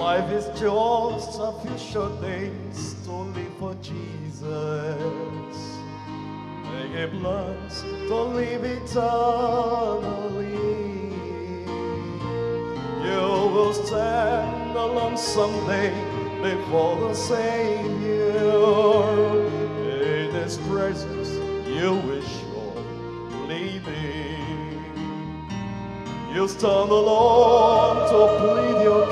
Life is just a few days to live for Jesus. Make a blunt to live eternally. You will stand alone someday before the Savior. In His presence, you will surely leaving. You stand alone to plead your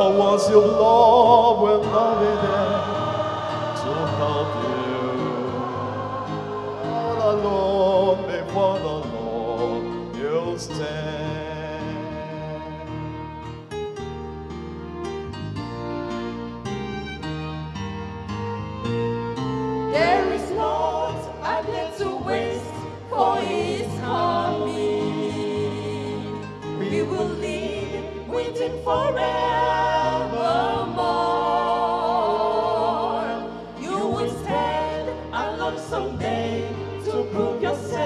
Or was your love when nobody there to help you? All alone before the Lord you'll stand. There is not a little waste, for He is coming. We will live with Him forever. to prove your service.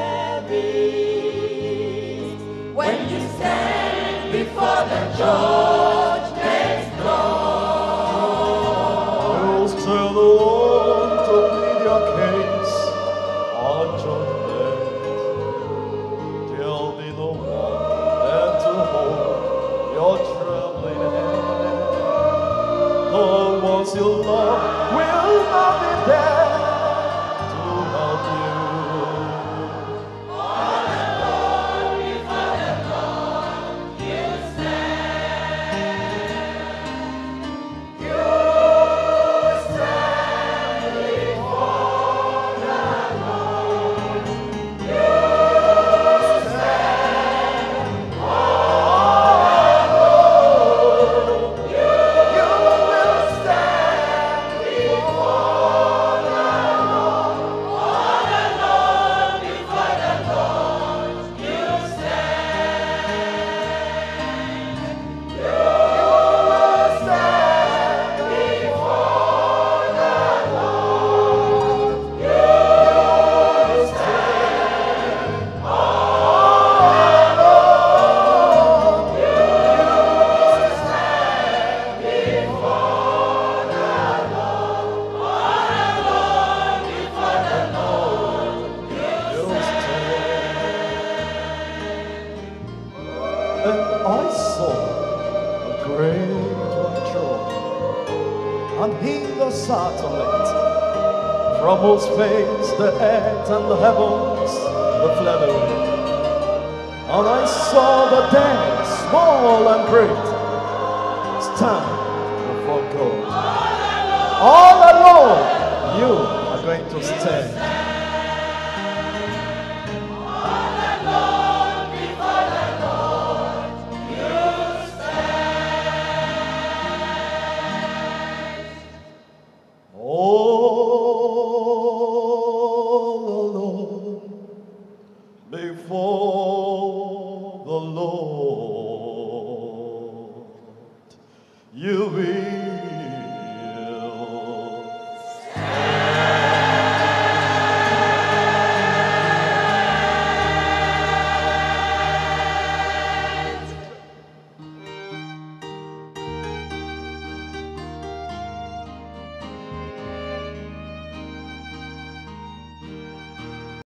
When you stand before the judgment throne, you'll still alone to plead your case on judgment. They'll be the one there to hold your trembling hand. The ones you love will not be there. and I saw a great white throne, and he that sat on it, from whose face the earth and the heavens were fled away. And I saw the dead, small and great, stand before God. All alone, you are going to stand. you'll be